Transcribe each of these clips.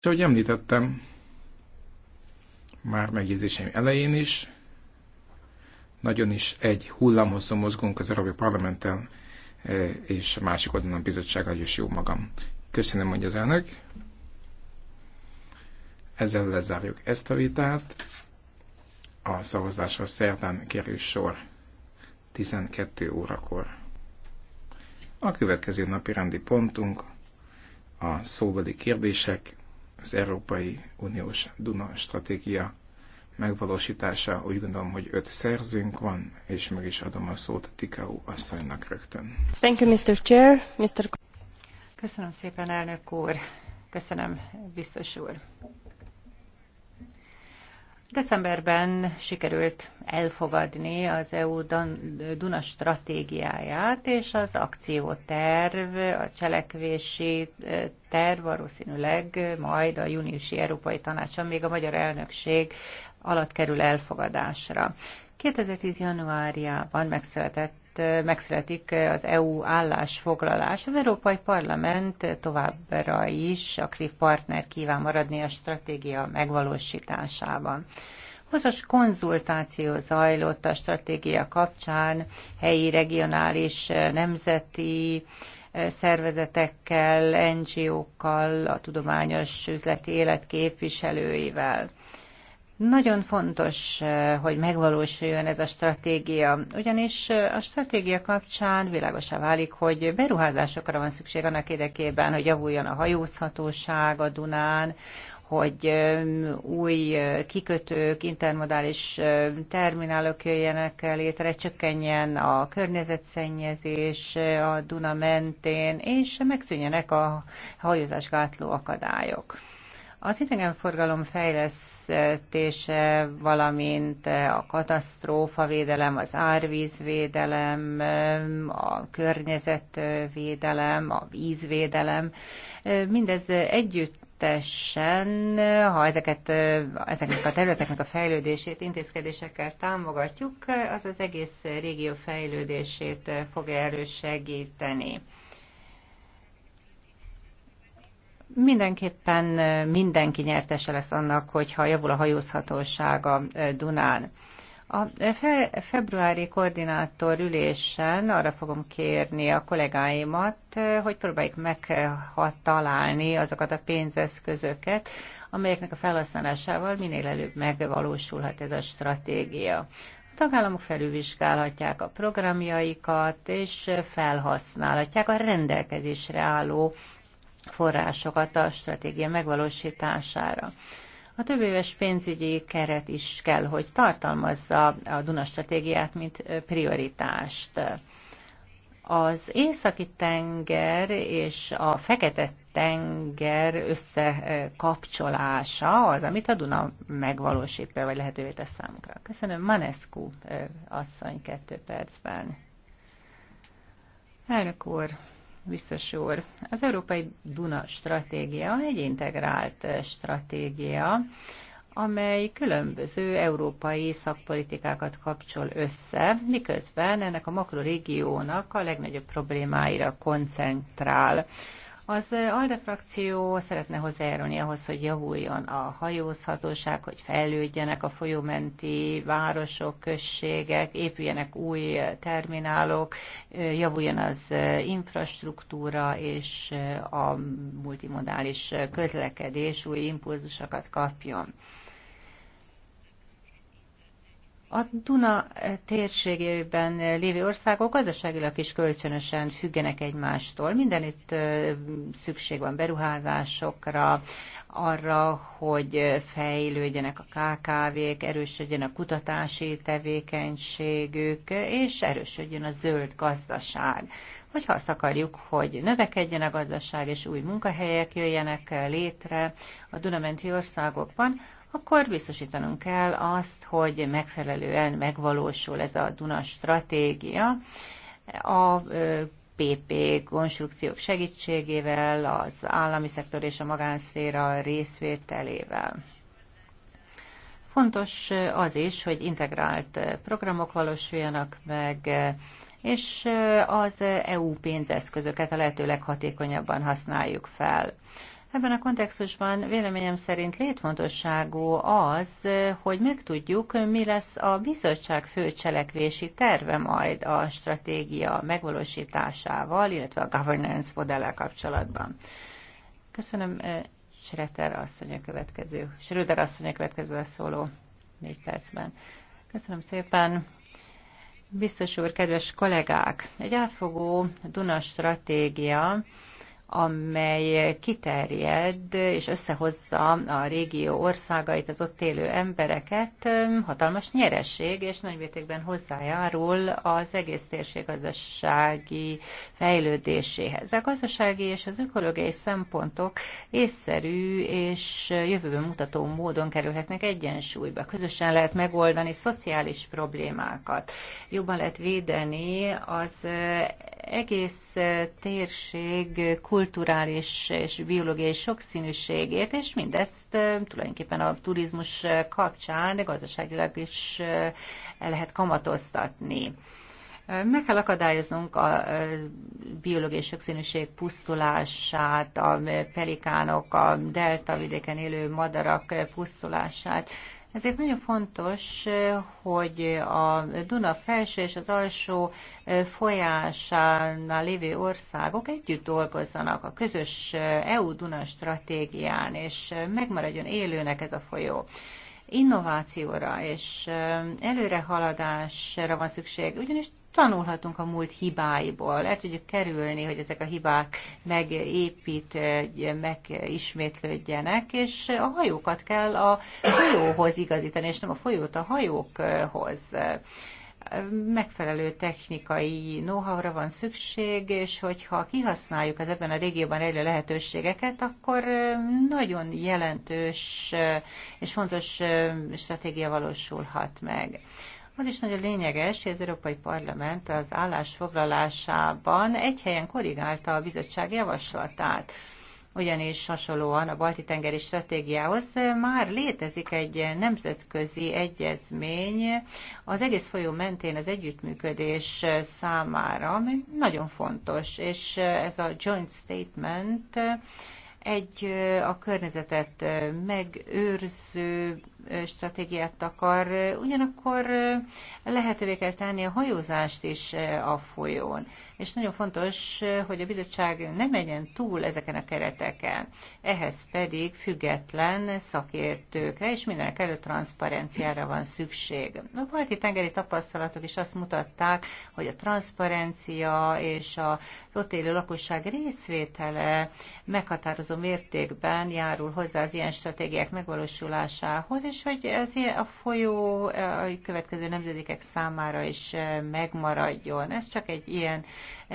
És ahogy említettem, már megjegyzéseim elején is, nagyon is egy hullámhosszú mozgunk az Európai Parlamenten e, és a másik oldalon a bizottsággal, is jó magam. Köszönöm, mondja az elnök. Ezzel lezárjuk ezt a vitát. A szavazásra szerdán kerül sor 12 órakor. A következő napi rendi pontunk a szóbeli kérdések az Európai Uniós Duna stratégia megvalósítása. Úgy gondolom, hogy öt szerzőnk van, és meg is adom a szót Tikau asszonynak rögtön. Thank you, Mr. Chair. Mr. Köszönöm szépen, elnök úr. Köszönöm, biztos úr. Decemberben sikerült elfogadni az EU Duna stratégiáját, és az akcióterv, a cselekvési e, terv valószínűleg majd a júniusi Európai Tanácson még a magyar elnökség alatt kerül elfogadásra. 2010. januárjában megszületett megszületik az EU állásfoglalás. Az Európai Parlament továbbra is aktív partner kíván maradni a stratégia megvalósításában. Hosszas konzultáció zajlott a stratégia kapcsán helyi, regionális, nemzeti szervezetekkel, NGO-kkal, a tudományos üzleti élet képviselőivel. Nagyon fontos, eh, hogy megvalósuljon ez a stratégia, ugyanis eh, a stratégia kapcsán világosá válik, hogy beruházásokra van szükség annak érdekében, hogy javuljon a hajózhatóság a Dunán, hogy eh, új kikötők, intermodális terminálok jöjjenek létre, csökkenjen a környezetszennyezés a Duna mentén, és megszűnjenek a hajózásgátló akadályok. Az idegenforgalom fejlesztése, valamint a katasztrófavédelem, az árvízvédelem, a környezetvédelem, a vízvédelem, mindez együtt tessen, ha ezeket, ezeknek a területeknek a fejlődését intézkedésekkel támogatjuk, az az egész régió fejlődését fogja elősegíteni. mindenképpen mindenki nyertese lesz annak, hogyha javul a hajózhatóság a Dunán. A fe- februári koordinátor ülésen arra fogom kérni a kollégáimat, hogy próbáljuk megtalálni azokat a pénzeszközöket, amelyeknek a felhasználásával minél előbb megvalósulhat ez a stratégia. A tagállamok felülvizsgálhatják a programjaikat, és felhasználhatják a rendelkezésre álló forrásokat a stratégia megvalósítására. A több éves pénzügyi keret is kell, hogy tartalmazza a Duna stratégiát, mint prioritást. Az Északi-tenger és a Fekete-tenger összekapcsolása az, amit a Duna megvalósít, vagy lehetővé tesz számunkra. Köszönöm, Manescu asszony kettő percben. Elnök úr! biztos úr, az Európai Duna stratégia egy integrált stratégia, amely különböző európai szakpolitikákat kapcsol össze, miközben ennek a makrorégiónak a legnagyobb problémáira koncentrál. Az ALDE frakció szeretne hozzájárulni ahhoz, hogy javuljon a hajózhatóság, hogy fejlődjenek a folyómenti városok, községek, épüljenek új terminálok, javuljon az infrastruktúra és a multimodális közlekedés új impulzusokat kapjon. A Duna térségében lévő országok gazdaságilag is kölcsönösen függenek egymástól. Mindenütt szükség van beruházásokra, arra, hogy fejlődjenek a KKV-k, erősödjön a kutatási tevékenységük, és erősödjön a zöld gazdaság. Hogyha azt akarjuk, hogy növekedjen a gazdaság, és új munkahelyek jöjjenek létre a Dunamenti országokban, akkor biztosítanunk kell azt, hogy megfelelően megvalósul ez a Duna stratégia. A PP konstrukciók segítségével, az állami szektor és a magánszféra részvételével. Fontos az is, hogy integrált programok valósuljanak meg, és az EU pénzeszközöket a lehető leghatékonyabban használjuk fel. Ebben a kontextusban véleményem szerint létfontosságú az, hogy megtudjuk, mi lesz a bizottság főcselekvési terve majd a stratégia megvalósításával, illetve a governance modellel kapcsolatban. Köszönöm eh, Schröder asszony a következő, Schröder asszony a következő szóló négy percben. Köszönöm szépen. Biztos úr, kedves kollégák, egy átfogó Duna stratégia, amely kiterjed és összehozza a régió országait, az ott élő embereket, hatalmas nyereség, és nagymértékben hozzájárul az egész térség gazdasági fejlődéséhez. A gazdasági és az ökológiai szempontok észszerű és jövőben mutató módon kerülhetnek egyensúlyba. Közösen lehet megoldani szociális problémákat. Jobban lehet védeni az egész térség kultúráját, kulturális és biológiai sokszínűségét, és mindezt tulajdonképpen a turizmus kapcsán de gazdaságilag is lehet kamatoztatni. Meg kell akadályoznunk a biológiai sokszínűség pusztulását, a pelikánok, a delta vidéken élő madarak pusztulását. Ezért nagyon fontos, hogy a Duna felső és az alsó folyásánál lévő országok együtt dolgozzanak a közös EU-Duna stratégián, és megmaradjon élőnek ez a folyó innovációra és előrehaladásra van szükség, ugyanis tanulhatunk a múlt hibáiból. El tudjuk kerülni, hogy ezek a hibák megépít, megismétlődjenek, és a hajókat kell a folyóhoz igazítani, és nem a folyót a hajókhoz megfelelő technikai know-how-ra van szükség, és hogyha kihasználjuk az ebben a régióban rejlő lehetőségeket, akkor nagyon jelentős és fontos stratégia valósulhat meg. Az is nagyon lényeges, hogy az Európai Parlament az állásfoglalásában egy helyen korrigálta a bizottság javaslatát ugyanis hasonlóan a Balti-tengeri stratégiához már létezik egy nemzetközi egyezmény az egész folyó mentén az együttműködés számára, ami nagyon fontos, és ez a joint statement egy a környezetet megőrző stratégiát akar, ugyanakkor lehetővé kell tenni a hajózást is a folyón és nagyon fontos, hogy a bizottság ne menjen túl ezeken a kereteken. Ehhez pedig független szakértőkre, és mindenek előtt transzparenciára van szükség. A balti tengeri tapasztalatok is azt mutatták, hogy a transzparencia és az ott élő lakosság részvétele meghatározó mértékben járul hozzá az ilyen stratégiák megvalósulásához, és hogy az a folyó a következő nemzedékek számára is megmaradjon. Ez csak egy ilyen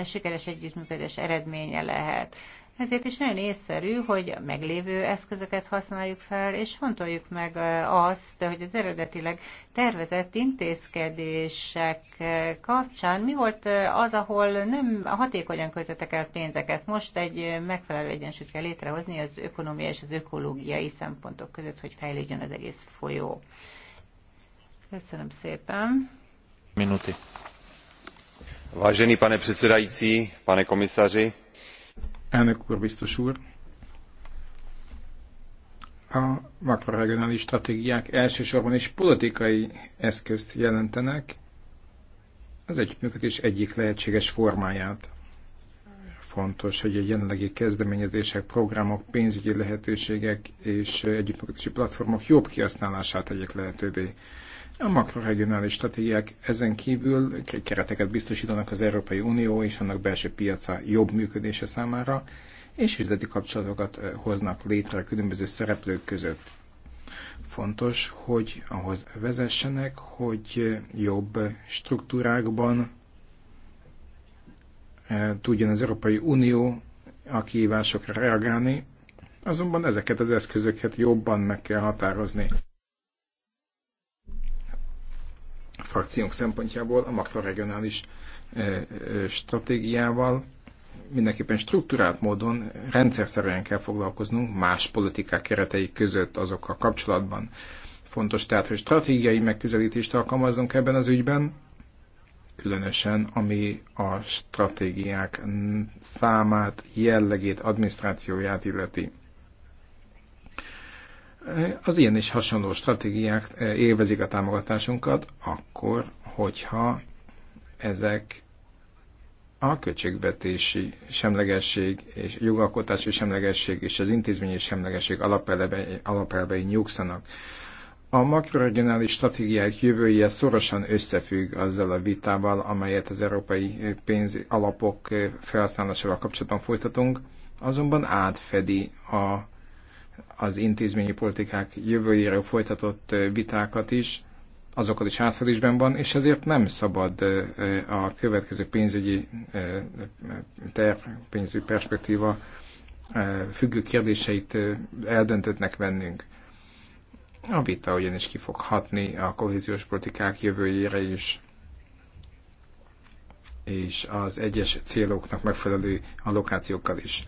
sikeres együttműködés eredménye lehet. Ezért is nagyon észszerű, hogy a meglévő eszközöket használjuk fel, és fontoljuk meg azt, hogy az eredetileg tervezett intézkedések kapcsán mi volt az, ahol nem hatékonyan költöttek el pénzeket. Most egy megfelelő egyensúlyt kell létrehozni az ökonomia és az ökológiai szempontok között, hogy fejlődjön az egész folyó. Köszönöm szépen. Minuti vážený pane předsedající pane komisaři a makroregionális stratégiák elsősorban is politikai eszközt jelentenek az együttműködés egyik lehetséges formáját. Fontos, hogy a jelenlegi kezdeményezések, programok, pénzügyi lehetőségek és együttműködési platformok jobb kihasználását tegyék lehetővé a makroregionális stratégiák ezen kívül kereteket biztosítanak az Európai Unió és annak belső piaca jobb működése számára, és üzleti kapcsolatokat hoznak létre a különböző szereplők között. Fontos, hogy ahhoz vezessenek, hogy jobb struktúrákban tudjon az Európai Unió a kihívásokra reagálni, azonban ezeket az eszközöket jobban meg kell határozni. a frakciónk szempontjából a makroregionális stratégiával mindenképpen struktúrált módon, rendszerszerűen kell foglalkoznunk más politikák keretei között azokkal kapcsolatban. Fontos tehát, hogy stratégiai megközelítést alkalmazzunk ebben az ügyben, különösen ami a stratégiák számát, jellegét, adminisztrációját illeti az ilyen is hasonló stratégiák eh, élvezik a támogatásunkat, akkor, hogyha ezek a költségvetési semlegesség és jogalkotási semlegesség és az intézményi semlegesség alapelvei, alapelvei nyugszanak. A makroregionális stratégiák jövője szorosan összefügg azzal a vitával, amelyet az európai eh, pénz alapok eh, felhasználásával kapcsolatban folytatunk, azonban átfedi a az intézményi politikák jövőjére folytatott vitákat is, azokat is átfedésben van, és ezért nem szabad a következő pénzügyi terv, pénzügyi perspektíva függő kérdéseit eldöntöttnek vennünk. A vita ugyanis ki fog hatni a kohéziós politikák jövőjére is, és az egyes céloknak megfelelő allokációkkal is.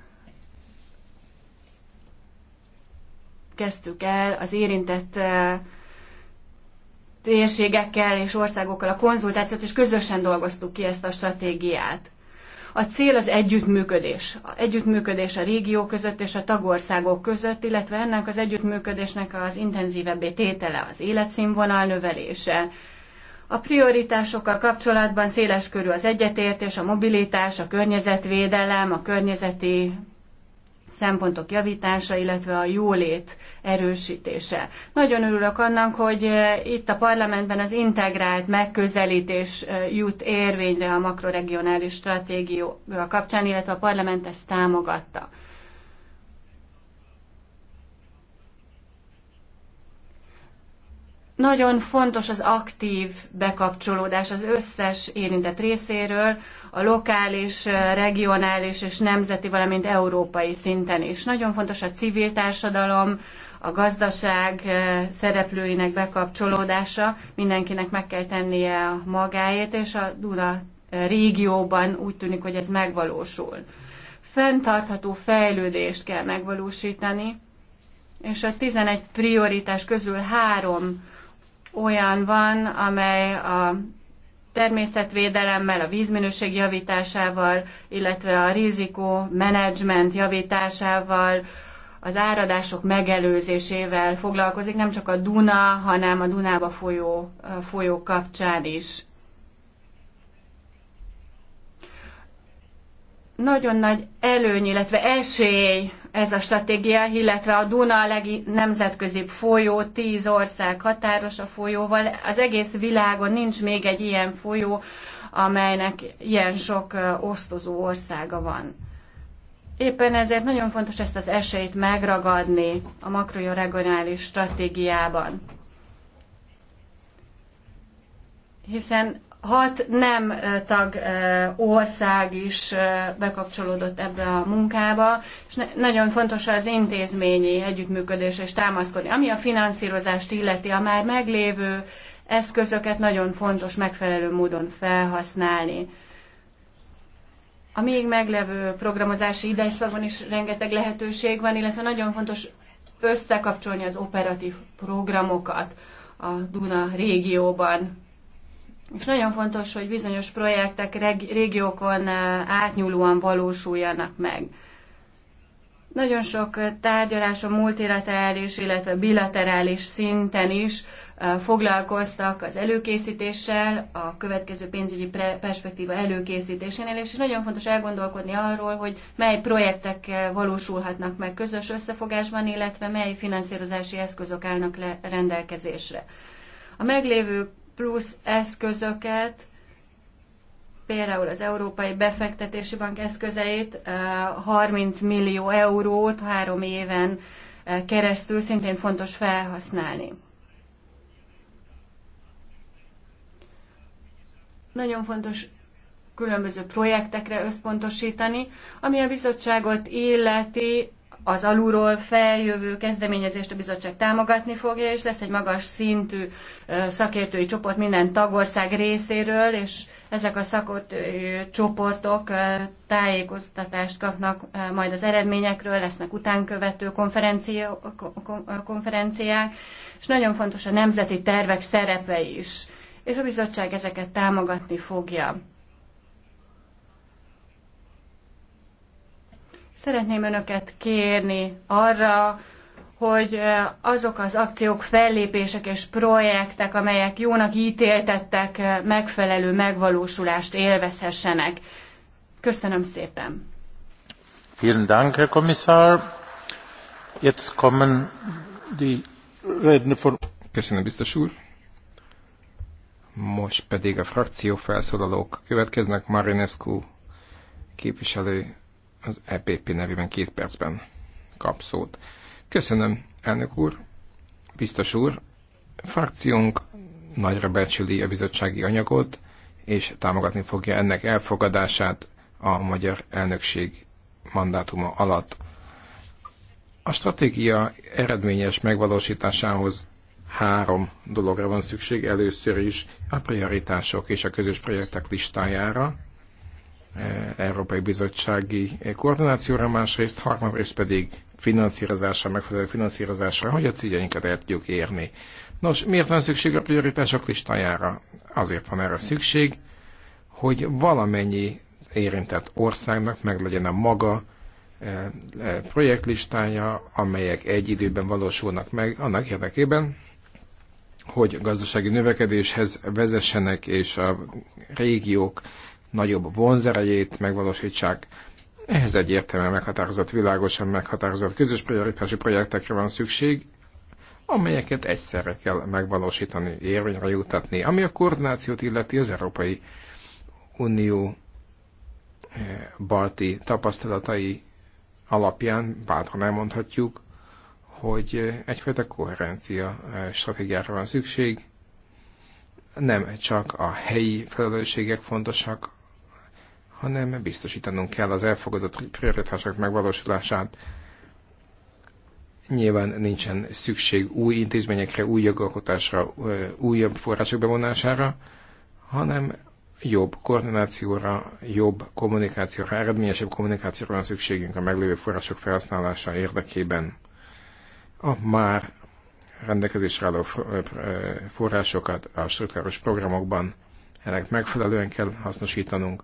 kezdtük el az érintett térségekkel és országokkal a konzultációt, és közösen dolgoztuk ki ezt a stratégiát. A cél az együttműködés. A együttműködés a régió között és a tagországok között, illetve ennek az együttműködésnek az intenzívebbé tétele, az életszínvonal növelése. A prioritásokkal kapcsolatban széles körű az egyetértés, a mobilitás, a környezetvédelem, a környezeti szempontok javítása, illetve a jólét erősítése. Nagyon örülök annak, hogy eh, itt a parlamentben az integrált megközelítés eh, jut érvényre a makroregionális stratégia kapcsán, illetve a parlament ezt támogatta. Nagyon fontos az aktív bekapcsolódás az összes érintett részéről, a lokális, eh, regionális és nemzeti, valamint európai szinten is. Nagyon fontos a civil társadalom, a gazdaság eh, szereplőinek bekapcsolódása, mindenkinek meg kell tennie a magáét, és a Duna eh, régióban úgy tűnik, hogy ez megvalósul. Fentartható fejlődést kell megvalósítani, és a 11 prioritás közül három olyan van, amely a természetvédelemmel, a vízminőség javításával, illetve a rizikó menedzsment javításával, az áradások megelőzésével foglalkozik, nem csak a Duna, hanem a Dunába folyó, folyó kapcsán is. Nagyon nagy előny, illetve esély ez a stratégia, illetve a Duna a legnemzetközibb folyó, tíz ország határos a folyóval. Az egész világon nincs még egy ilyen folyó, amelynek ilyen sok osztozó országa van. Éppen ezért nagyon fontos ezt az esélyt megragadni a makroregionális stratégiában. Hiszen hat nem tag ország is bekapcsolódott ebbe a munkába, és nagyon fontos az intézményi együttműködés és támaszkodni. Ami a finanszírozást illeti, a már meglévő eszközöket nagyon fontos megfelelő módon felhasználni. A még meglevő programozási idejszakban is rengeteg lehetőség van, illetve nagyon fontos összekapcsolni az operatív programokat a Duna régióban és nagyon fontos, hogy bizonyos projektek régiókon átnyúlóan valósuljanak meg. Nagyon sok tárgyalás a multilaterális, illetve bilaterális szinten is foglalkoztak az előkészítéssel, a következő pénzügyi perspektíva előkészítésénél, és nagyon fontos elgondolkodni arról, hogy mely projektek valósulhatnak meg közös összefogásban, illetve mely finanszírozási eszközök állnak le rendelkezésre. A meglévő plusz eszközöket, például az Európai Befektetési Bank eszközeit, 30 eh, millió eurót három éven eh, keresztül szintén fontos felhasználni. Nagyon fontos különböző projektekre összpontosítani, ami a bizottságot illeti az alulról feljövő kezdeményezést a bizottság támogatni fogja, és lesz egy magas szintű szakértői csoport minden tagország részéről, és ezek a szakértői csoportok tájékoztatást kapnak majd az eredményekről, lesznek utánkövető konferenciák, és nagyon fontos a nemzeti tervek szerepe is, és a bizottság ezeket támogatni fogja. Szeretném önöket kérni arra, hogy azok az akciók, fellépések és projektek, amelyek jónak ítéltettek, megfelelő megvalósulást élvezhessenek. Köszönöm szépen. Vielen Dank, Herr Kommissar. Jetzt kommen die Redner von... Köszönöm, biztos úr. Most pedig a frakció felszólalók következnek. Marinescu képviselő az EPP nevében két percben kap szót. Köszönöm, elnök úr, biztos úr. Frakciónk nagyra becsüli a bizottsági anyagot, és támogatni fogja ennek elfogadását a magyar elnökség mandátuma alatt. A stratégia eredményes megvalósításához három dologra van szükség. Először is a prioritások és a közös projektek listájára, Eh, Európai Bizottsági koordinációra, másrészt, harmadrészt pedig finanszírozásra, megfelelő finanszírozásra, hogy a céljainkat el tudjuk érni. Nos, miért van szükség a prioritások listájára? Azért van erre szükség, hogy valamennyi érintett országnak meg legyen a maga eh, eh, projektlistája, amelyek egy időben valósulnak meg annak érdekében, hogy gazdasági növekedéshez vezessenek, és a régiók nagyobb vonzerejét megvalósítsák. Ehhez egyértelműen meghatározott, világosan meghatározott közös prioritási projektekre van szükség, amelyeket egyszerre kell megvalósítani, érvényre jutatni. Ami a koordinációt illeti az Európai Unió eh, balti tapasztalatai alapján bátran elmondhatjuk, hogy eh, egyfajta koherencia eh, stratégiára van szükség, nem csak a helyi felelősségek fontosak, hanem biztosítanunk kell az elfogadott prioritások megvalósulását. Nyilván nincsen szükség új intézményekre, új jogalkotásra, újabb források bevonására, hanem jobb koordinációra, jobb kommunikációra, eredményesebb kommunikációra van szükségünk a meglévő források felhasználása érdekében. A már rendelkezésre álló forrásokat a struktúrális programokban ennek megfelelően kell hasznosítanunk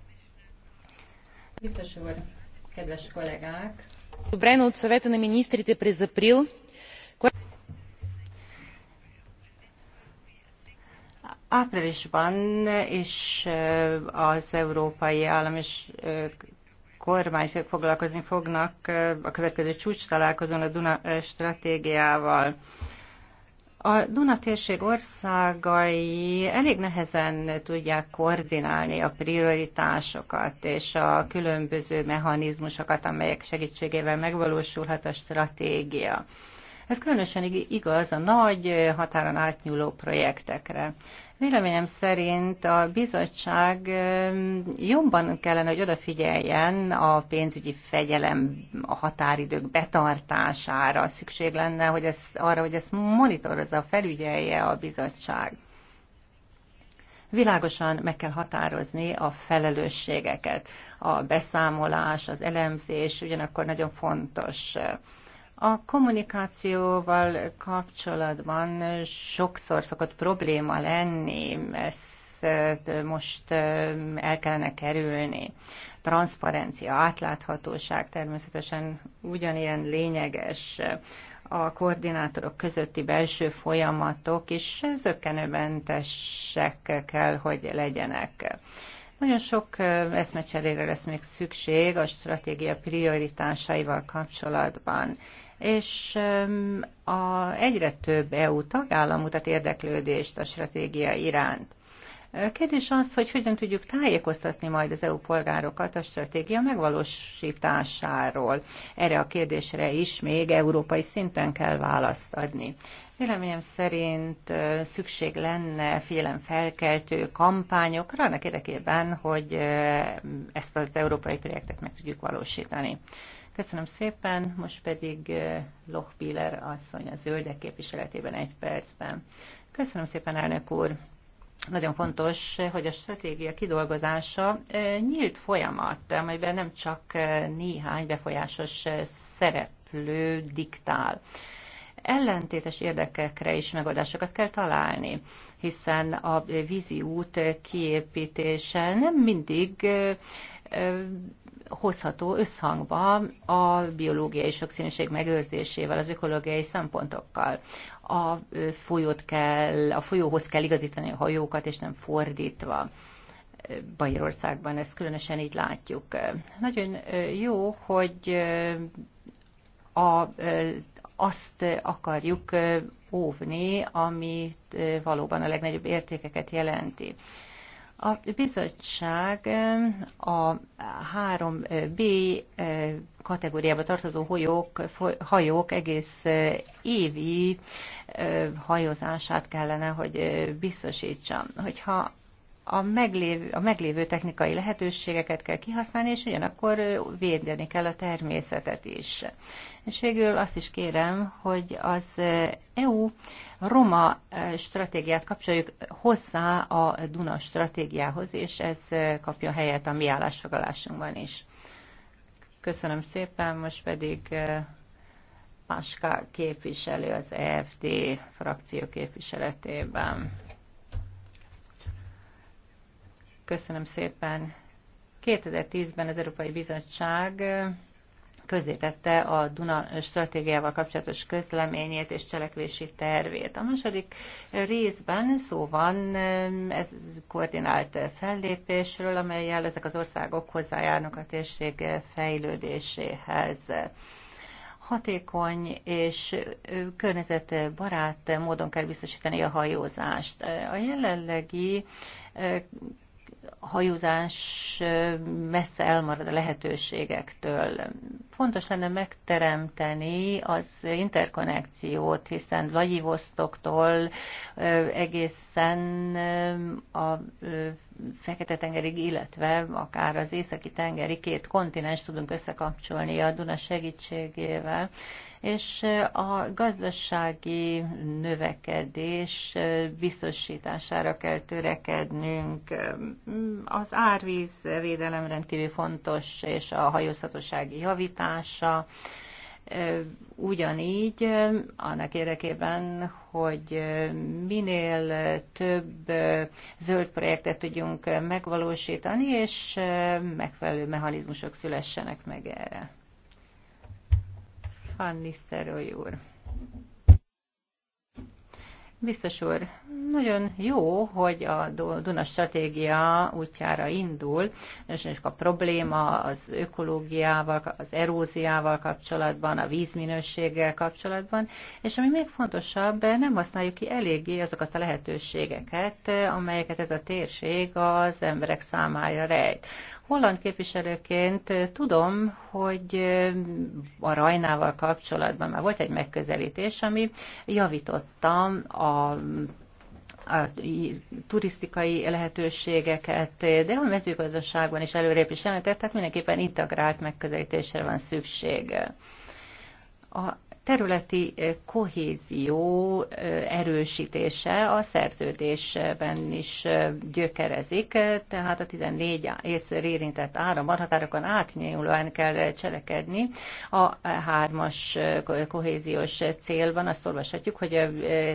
Biztos úr, kedves kollégák! одобрена от съвета на министрите през април Áprilisban is az európai állam és kormányfők foglalkozni fognak a következő csúcs találkozón a Duna stratégiával. A Duna térség országai elég nehezen tudják koordinálni a prioritásokat és a különböző mechanizmusokat, amelyek segítségével megvalósulhat a stratégia. Ez különösen igaz a nagy határon átnyúló projektekre. Véleményem szerint a bizottság jobban kellene, hogy odafigyeljen a pénzügyi fegyelem a határidők betartására. Szükség lenne hogy ez, arra, hogy ezt monitorozza, felügyelje a bizottság. Világosan meg kell határozni a felelősségeket. A beszámolás, az elemzés ugyanakkor nagyon fontos. A kommunikációval kapcsolatban sokszor szokott probléma lenni, ezt most el kellene kerülni. Transzparencia, átláthatóság természetesen ugyanilyen lényeges a koordinátorok közötti belső folyamatok és zökkenőmentesek kell, hogy legyenek. Nagyon sok eszmecserére lesz még szükség a stratégia prioritásaival kapcsolatban és a egyre több EU tagállam mutat érdeklődést a stratégia iránt. Kérdés az, hogy hogyan tudjuk tájékoztatni majd az EU polgárokat a stratégia megvalósításáról. Erre a kérdésre is még európai szinten kell választ adni. Véleményem szerint szükség lenne felkeltő kampányokra annak érdekében, hogy ezt az európai projektet meg tudjuk valósítani. Köszönöm szépen, most pedig Lochbiller asszony a zöldek képviseletében egy percben. Köszönöm szépen, elnök úr! nagyon fontos, hogy a stratégia kidolgozása nyílt folyamat, amelyben nem csak néhány befolyásos szereplő diktál ellentétes érdekekre is megoldásokat kell találni, hiszen a vízi út kiépítése nem mindig hozható összhangba a biológiai sokszínűség megőrzésével, az ökológiai szempontokkal. A folyót kell, a folyóhoz kell igazítani a hajókat, és nem fordítva. Bajorországban ezt különösen így látjuk. Nagyon jó, hogy a azt akarjuk óvni, amit valóban a legnagyobb értékeket jelenti. A bizottság a 3B kategóriába tartozó hajók, hajók egész évi hajózását kellene, hogy biztosítsa. Hogyha a meglévő, a meglévő technikai lehetőségeket kell kihasználni, és ugyanakkor védeni kell a természetet is. És végül azt is kérem, hogy az EU Roma stratégiát kapcsoljuk hozzá a Duna stratégiához, és ez kapja helyet a mi állásfoglalásunkban is. Köszönöm szépen, most pedig Páska képviselő az EFD frakció képviseletében. Köszönöm szépen. 2010-ben az Európai Bizottság közzétette a Duna stratégiával kapcsolatos közleményét és cselekvési tervét. A második részben szó van ez koordinált fellépésről, amelyel ezek az országok hozzájárnak a térség fejlődéséhez hatékony és környezetbarát módon kell biztosítani a hajózást. A jelenlegi hajózás messze elmarad a lehetőségektől. Fontos lenne megteremteni az interkonnekciót, hiszen Vladivostocktól egészen a Fekete-tengerig, illetve akár az északi tengeri két kontinens tudunk összekapcsolni a Duna segítségével, és a gazdasági növekedés biztosítására kell törekednünk. Az árvíz védelem rendkívül fontos, és a hajózhatósági javítása, Ugyanígy annak érdekében, hogy minél több zöld projektet tudjunk megvalósítani, és megfelelő mechanizmusok szülessenek meg erre. Van Nisztelrooy úr. Biztos úr, nagyon jó, hogy a Duna stratégia útjára indul, és a probléma az ökológiával, az eróziával kapcsolatban, a vízminőséggel kapcsolatban, és ami még fontosabb, nem használjuk ki eléggé azokat a lehetőségeket, amelyeket ez a térség az emberek számára rejt. Holland képviselőként tudom, hogy a Rajnával kapcsolatban már volt egy megközelítés, ami javította a a turisztikai lehetőségeket, de a mezőgazdaságban is előrébb is jelentett, tehát mindenképpen integrált megközelítésre van szükség. A területi eh, kohézió eh, erősítése a szerződésben is eh, gyökerezik, tehát a 14 észre érintett áramban határokon átnyúlóan kell cselekedni. A hármas kohéziós célban azt olvashatjuk, hogy a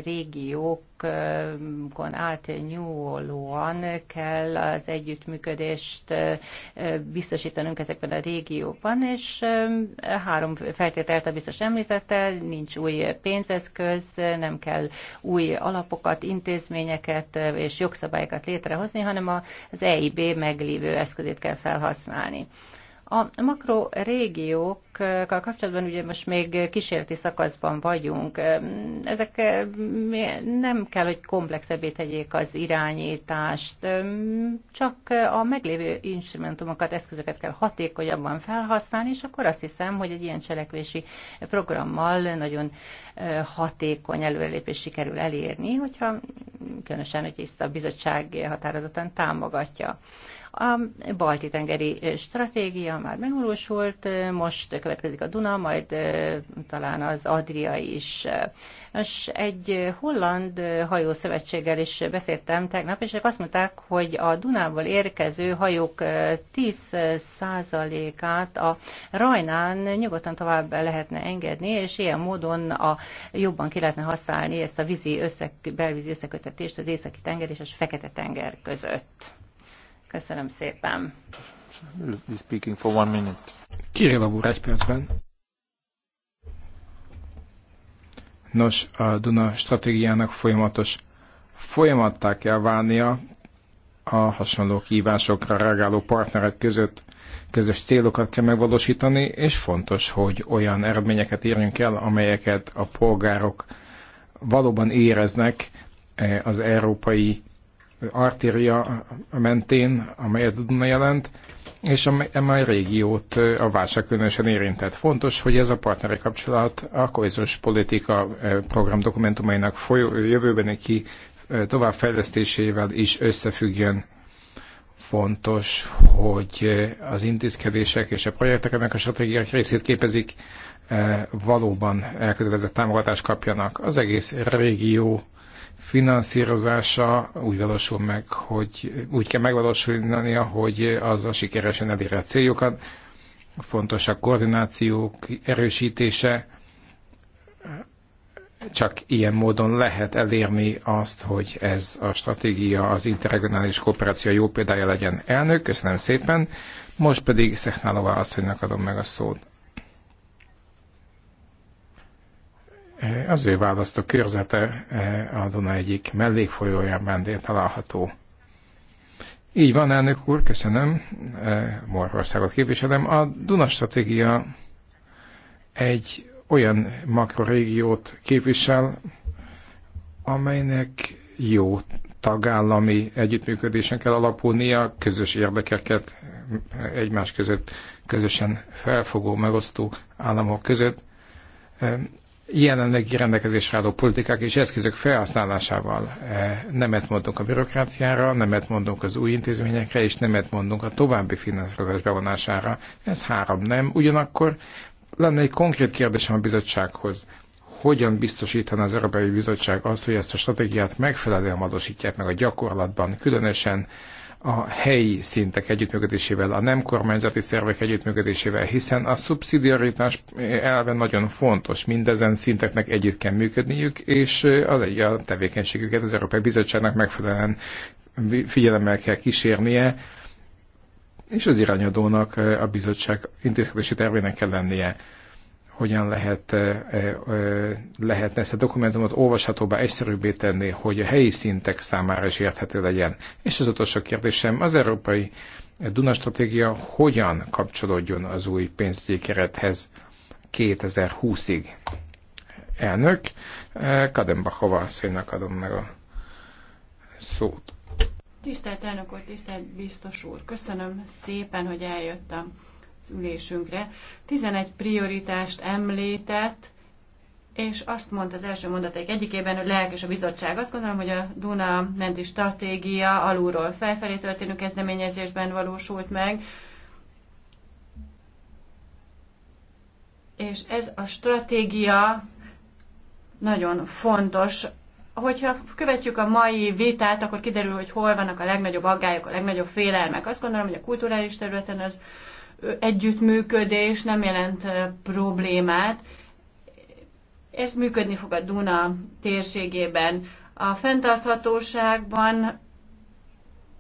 régiók határokon átnyúlóan kell az együttműködést biztosítanunk ezekben a régióban, és három feltételt a biztos említette, nincs új pénzeszköz, nem kell új alapokat, intézményeket és jogszabályokat létrehozni, hanem az EIB meglévő eszközét kell felhasználni. A makro régiókkal kapcsolatban ugye most még kísérleti szakaszban vagyunk. Ezek nem kell, hogy komplexebbé tegyék az irányítást, csak a meglévő instrumentumokat, eszközöket kell hatékonyabban felhasználni, és akkor azt hiszem, hogy egy ilyen cselekvési programmal nagyon hatékony előrelépés sikerül elérni, hogyha különösen, hogy ezt a bizottság határozottan támogatja. A balti-tengeri stratégia már megvalósult, most következik a Duna, majd talán az Adria is. Most egy holland hajószövetséggel is beszéltem tegnap, és ők azt mondták, hogy a Dunából érkező hajók 10%-át a Rajnán nyugodtan tovább lehetne engedni, és ilyen módon a, jobban ki lehetne használni ezt a vízi összek, belvízi összekötetést az északi tenger és a fekete tenger között. Köszönöm szépen. Speaking for one minute. egy percben. Nos, a Duna stratégiának folyamatos folyamattá kell válnia a hasonló kívásokra reagáló partnerek között közös célokat kell megvalósítani, és fontos, hogy olyan eredményeket érjünk el, amelyeket a polgárok valóban éreznek eh, az európai artéria mentén, amely a Duna jelent, és amely mai régiót a válság különösen érintett. Fontos, hogy ez a partneri kapcsolat a kohéziós politika program dokumentumainak folyó, jövőbeni ki továbbfejlesztésével is összefüggjön. Fontos, hogy az intézkedések és a projektek, amelyek a stratégiák részét képezik, valóban elkötelezett támogatást kapjanak. Az egész régió finanszírozása úgy valósul meg, hogy úgy kell megvalósulnia, hogy az a sikeresen elérhet a céljukat. Fontos a koordinációk erősítése. Csak ilyen módon lehet elérni azt, hogy ez a stratégia az interregionális kooperáció jó példája legyen. Elnök, köszönöm szépen. Most pedig azt asszonynak adom meg a szót. Eh, Az ő választó körzete eh, a Duna egyik mentén található. Így van, elnök úr, köszönöm. Eh, Morvországot képviselem. A Duna stratégia egy olyan makrorégiót képvisel, amelynek jó tagállami együttműködésen kell alapulnia, közös érdekeket egymás között közösen felfogó, megosztó államok között jelenlegi rendelkezésre álló politikák és eszközök felhasználásával e, nemet mondunk a bürokráciára, nemet mondunk az új intézményekre, és nemet mondunk a további finanszírozás bevonására. Ez három nem. Ugyanakkor lenne egy konkrét kérdésem a bizottsághoz. Hogyan biztosítaná az Európai Bizottság azt, hogy ezt a stratégiát megfelelően valósítják meg a gyakorlatban, különösen a helyi szintek együttműködésével, a nem kormányzati szervek együttműködésével, hiszen a szubszidiaritás elve nagyon fontos, mindezen szinteknek együtt kell működniük, és eh, az egy a tevékenységüket az Európai Bizottságnak megfelelően figyelemmel kell kísérnie, és az irányadónak eh, a bizottság intézkedési tervének kell lennie hogyan lehet, eh, eh, eh, lehetne ezt a dokumentumot olvashatóbbá, egyszerűbbé tenni, hogy a helyi szintek számára is érthető legyen. És az utolsó kérdésem, az európai Duna stratégia hogyan kapcsolódjon az új pénzügyi kerethez 2020-ig? Elnök, Kadembachova asszonynak adom meg a szót. Tisztelt elnök úr, tisztelt biztos úr, köszönöm szépen, hogy eljöttem ülésünkre. 11 prioritást említett, és azt mondta az első mondaték egyikében, hogy lelkes a bizottság. Azt gondolom, hogy a Duna menti stratégia alulról felfelé történő kezdeményezésben valósult meg, és ez a stratégia nagyon fontos hogyha követjük a mai vitát, akkor kiderül, hogy hol vannak a legnagyobb aggályok, a legnagyobb félelmek. Azt gondolom, hogy a kulturális területen az együttműködés nem jelent problémát. Ez működni fog a Duna térségében. A fenntarthatóságban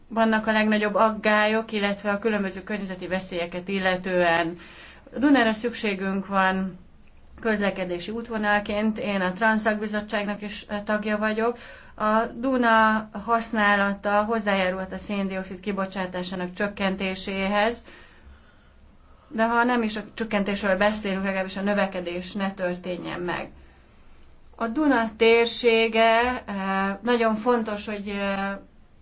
vannak a legnagyobb aggályok, illetve a különböző környezeti veszélyeket illetően. A Dunára szükségünk van közlekedési útvonalként, én a transzak bizottságnak is eh, tagja vagyok, a Duna használata hozzájárulhat a széndiokszid kibocsátásának csökkentéséhez, de ha nem is a csökkentésről beszélünk, legalábbis a növekedés ne történjen meg. A Duna térsége eh, nagyon fontos, hogy eh,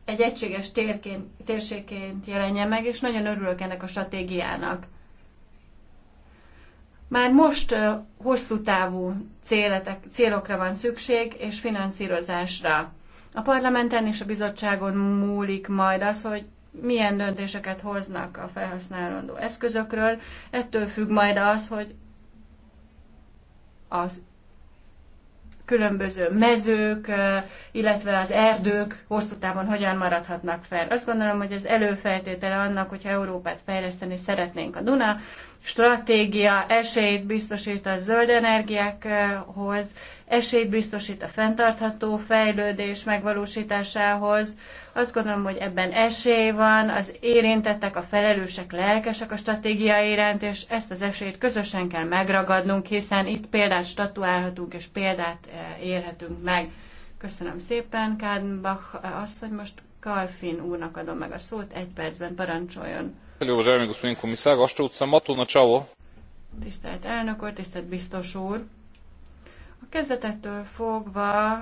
egy egységes térként, térségként jelenjen meg, és nagyon örülök ennek a stratégiának. Már most hosszú távú céletek, célokra van szükség, és finanszírozásra. A parlamenten és a bizottságon múlik majd az, hogy milyen döntéseket hoznak a felhasználandó eszközökről. Ettől függ majd az, hogy az különböző mezők, illetve az erdők hosszú távon hogyan maradhatnak fel. Azt gondolom, hogy ez előfeltétele annak, hogyha Európát fejleszteni szeretnénk. A Duna stratégia esélyt biztosít a zöld energiákhoz, esélyt biztosít a fenntartható fejlődés megvalósításához. Azt gondolom, hogy ebben esély van, az érintettek, a felelősek lelkesek a stratégia iránt, és ezt az esélyt közösen kell megragadnunk, hiszen itt példát statuálhatunk és példát eh, élhetünk meg. Köszönöm szépen, azt, hogy most Kalfin úrnak adom meg a szót, egy percben parancsoljon. Tisztelt elnök tisztelt biztos úr! A kezdetektől fogva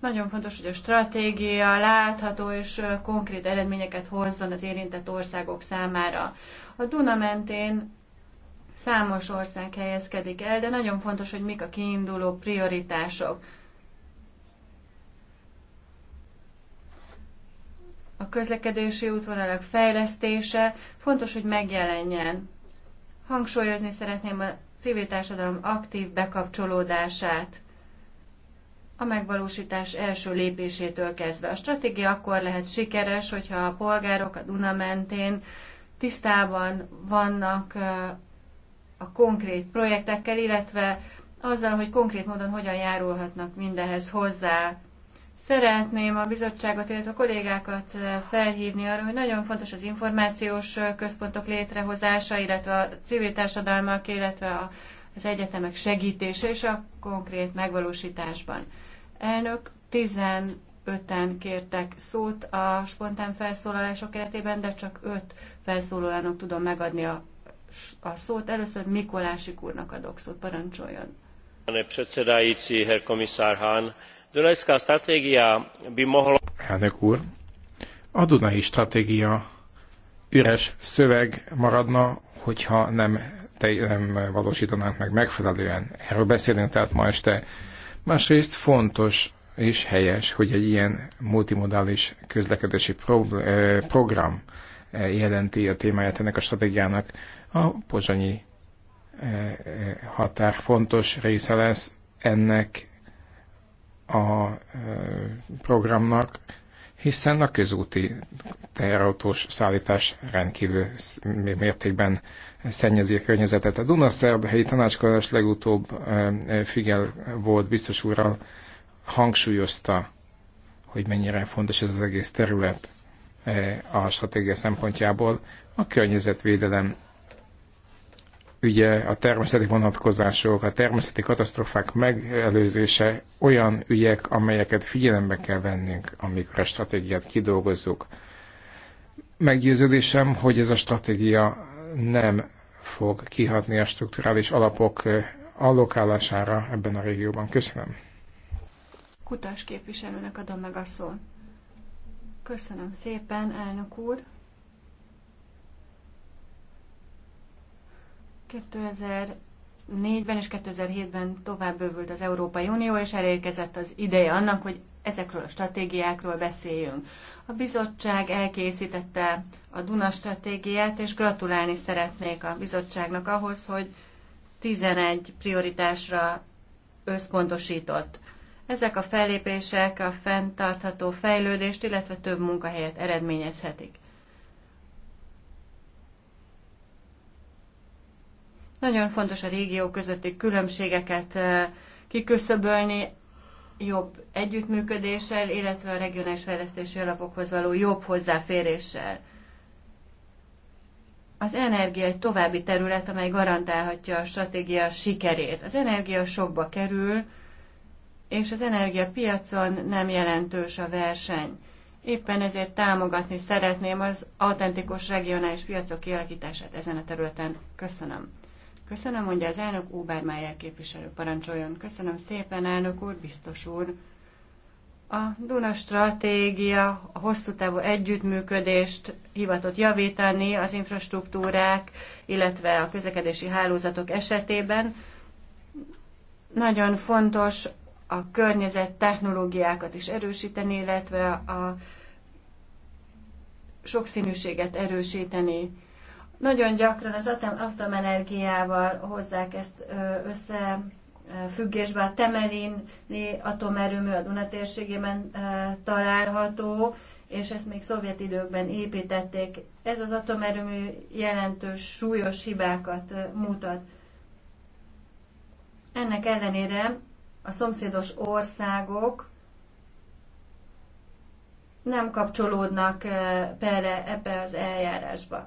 nagyon fontos, hogy a stratégia látható és konkrét eredményeket hozzon az érintett országok számára. A Duna mentén számos ország helyezkedik el, de nagyon fontos, hogy mik a kiinduló prioritások. a közlekedési útvonalak fejlesztése fontos, hogy megjelenjen. Hangsúlyozni szeretném a civil társadalom aktív bekapcsolódását a megvalósítás első lépésétől kezdve. A stratégia akkor lehet sikeres, hogyha a polgárok a Duna mentén tisztában vannak a konkrét projektekkel, illetve azzal, hogy konkrét módon hogyan járulhatnak mindehez hozzá Szeretném a bizottságot, illetve a kollégákat felhívni arra, hogy nagyon fontos az információs központok létrehozása, illetve a civil társadalmak, illetve az egyetemek segítése és a konkrét megvalósításban. Elnök 15-en kértek szót a spontán felszólalások keretében, de csak 5 felszólalának tudom megadni a, a szót. Először Mikolási úrnak adok szót, parancsoljon. Pane předsedající, herr komisár Hahn, Dunajská stratégia by mohla... Elnök úr, a Dunai stratégia üres szöveg maradna, hogyha nem, te, nem valósítanánk meg megfelelően. Erről beszélünk tehát ma este. Másrészt fontos és helyes, hogy egy ilyen multimodális közlekedési eh, program eh, jelenti a témáját ennek a stratégiának. A pozsonyi eh, határ fontos része lesz ennek a e, programnak, hiszen a közúti teherautós szállítás rendkívül mértékben szennyezi a környezetet. A helyi tanácskozás legutóbb e, e, figyel volt biztos úrral hangsúlyozta, hogy mennyire fontos ez az egész terület a stratégia szempontjából. A környezetvédelem ugye a természeti vonatkozások, a természeti katasztrofák megelőzése olyan ügyek, amelyeket figyelembe kell vennünk, amikor a stratégiát kidolgozzuk. Meggyőződésem, hogy ez a stratégia nem fog kihatni a strukturális alapok allokálására ebben a régióban. Köszönöm. Kutás képviselőnek adom meg a szót. Köszönöm szépen, elnök úr. 2004-ben és 2007-ben tovább bővült az Európai Unió, és elérkezett az ideje annak, hogy ezekről a stratégiákról beszéljünk. A bizottság elkészítette a Duna stratégiát, és gratulálni szeretnék a bizottságnak ahhoz, hogy 11 prioritásra összpontosított. Ezek a fellépések a fenntartható fejlődést, illetve több munkahelyet eredményezhetik. Nagyon fontos a régió közötti különbségeket eh, kiköszöbölni, jobb együttműködéssel, illetve a regionális fejlesztési alapokhoz való jobb hozzáféréssel. Az energia egy további terület, amely garantálhatja a stratégia sikerét. Az energia sokba kerül, és az energia piacon nem jelentős a verseny. Éppen ezért támogatni szeretném az autentikus regionális piacok kialakítását ezen a területen. Köszönöm. Köszönöm, mondja az elnök, Óbermájer képviselő parancsoljon. Köszönöm szépen, elnök úr, biztos úr. A Duna stratégia a hosszú távú együttműködést hivatott javítani az infrastruktúrák, illetve a közlekedési hálózatok esetében. Nagyon fontos a környezet technológiákat is erősíteni, illetve a sokszínűséget erősíteni nagyon gyakran az atomenergiával hozzák ezt össze függésbe. a Temelini atomerőmű a Duna térségében található, és ezt még szovjet időkben építették. Ez az atomerőmű jelentős, súlyos hibákat mutat. Ennek ellenére a szomszédos országok nem kapcsolódnak bele ebbe az eljárásba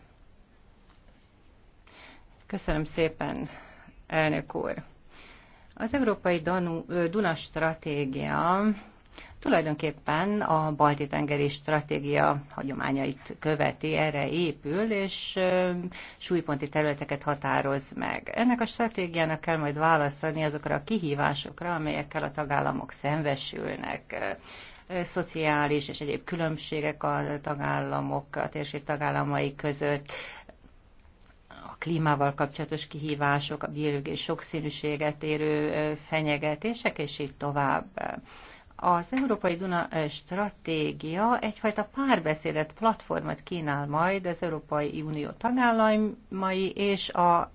Köszönöm szépen, elnök úr. Az Európai Danu, Duna stratégia tulajdonképpen a balti tengeri stratégia hagyományait követi, erre épül, és súlyponti területeket határoz meg. Ennek a stratégiának kell majd választani azokra a kihívásokra, amelyekkel a tagállamok szembesülnek szociális és egyéb különbségek a tagállamok, a térség tagállamai között, a klímával kapcsolatos kihívások, a biológiai sokszínűséget érő fenyegetések, és így tovább. Az Európai Duna stratégia egyfajta párbeszédet, platformot kínál majd az Európai Unió tagállamai és a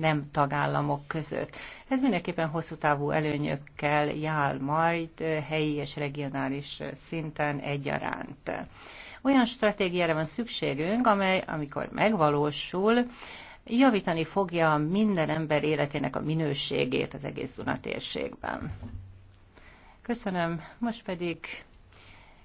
nem tagállamok között. Ez mindenképpen hosszú távú előnyökkel jár majd helyi és regionális szinten egyaránt. Olyan stratégiára van szükségünk, amely, amikor megvalósul, javítani fogja minden ember életének a minőségét az egész Duna térségben. Köszönöm, most pedig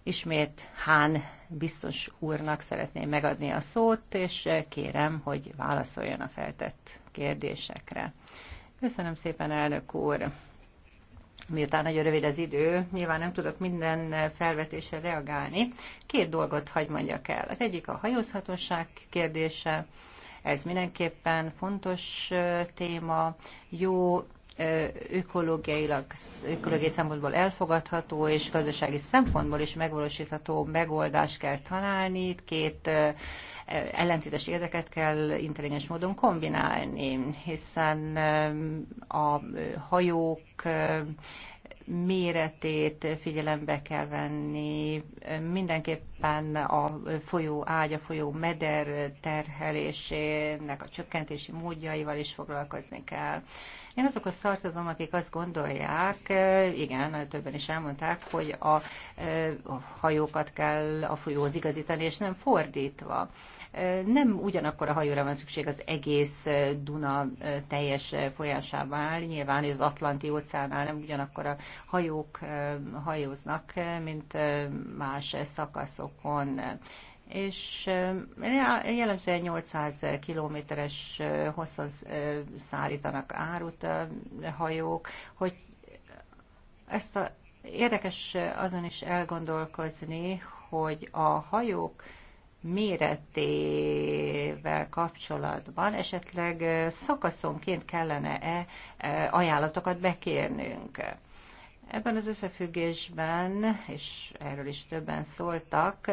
ismét Hán biztos úrnak szeretném megadni a szót, és kérem, hogy válaszoljon a feltett kérdésekre. Köszönöm szépen, elnök úr! miután nagyon rövid az idő, nyilván nem tudok minden felvetésre reagálni. Két dolgot hagy mondjak el. Az egyik a hajózhatóság kérdése, ez mindenképpen fontos téma, jó ökológiailag, ökológiai szempontból elfogadható és gazdasági szempontból is megvalósítható megoldást kell találni. Itt két ellentétes érdeket kell intelligens módon kombinálni, hiszen a hajók méretét figyelembe kell venni, mindenképpen a folyó ágy, a folyó meder terhelésének a csökkentési módjaival is foglalkozni kell. Én azokhoz tartozom, akik azt gondolják, e, igen, többen is elmondták, hogy a, e, a hajókat kell a folyóhoz igazítani, és nem fordítva nem ugyanakkor a hajóra van szükség az egész Duna teljes folyásával, nyilván az Atlanti óceánál nem ugyanakkor a hajók hajóznak, mint más szakaszokon és jellemzően 800 kilométeres hosszon szállítanak árut a hajók, hogy ezt a, érdekes azon is elgondolkozni, hogy a hajók méretével kapcsolatban esetleg szakaszonként kellene-e ajánlatokat bekérnünk. Ebben az összefüggésben, és erről is többen szóltak,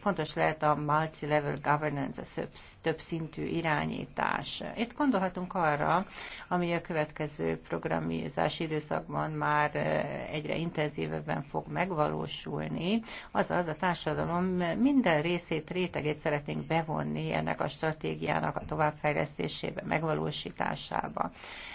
fontos lehet a multi-level governance, a többszintű irányítás. Itt gondolhatunk arra, ami a következő programozási időszakban már e, egyre intenzívebben fog megvalósulni, azaz a társadalom minden részét, rétegét szeretnénk bevonni ennek a stratégiának a továbbfejlesztésébe, megvalósításába.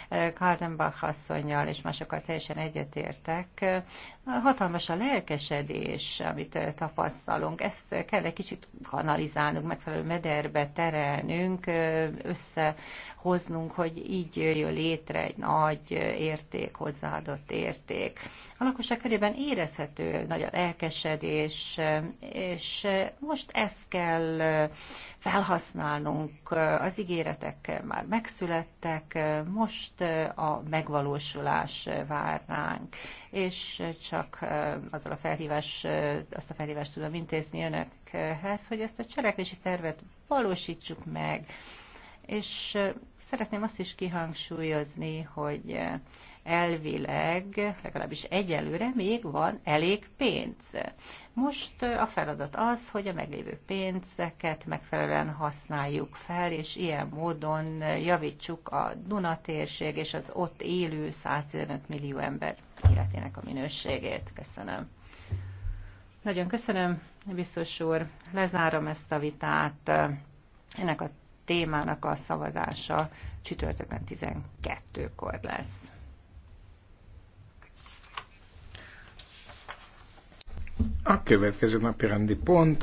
E, Kaldenbach asszonynal és másokkal teljesen egyetértek, kollégák, eh, hatalmas a lelkesedés, amit eh, tapasztalunk. Ezt kell egy kicsit kanalizálnunk, megfelelő mederbe terelnünk, eh, összehoznunk, hogy így jöjjön létre egy nagy érték, hozzáadott érték. A lakosság körében érezhető nagy a lelkesedés, és most ezt kell felhasználnunk. Az ígéretek már megszülettek, most a megvalósulás vár ránk, és csak azzal a felhívás, azt a felhívást tudom intézni önökhez, hogy ezt a cselekvési tervet valósítsuk meg. És szeretném azt is kihangsúlyozni, hogy elvileg, legalábbis egyelőre még van elég pénz. Most a feladat az, hogy a meglévő pénzeket megfelelően használjuk fel, és ilyen módon javítsuk a Duna térség és az ott élő 115 millió ember életének a minőségét. Köszönöm. Nagyon köszönöm, biztos úr. Lezárom ezt a vitát. Ennek a témának a szavazása csütörtökön 12-kor lesz. A következő napi rendi pont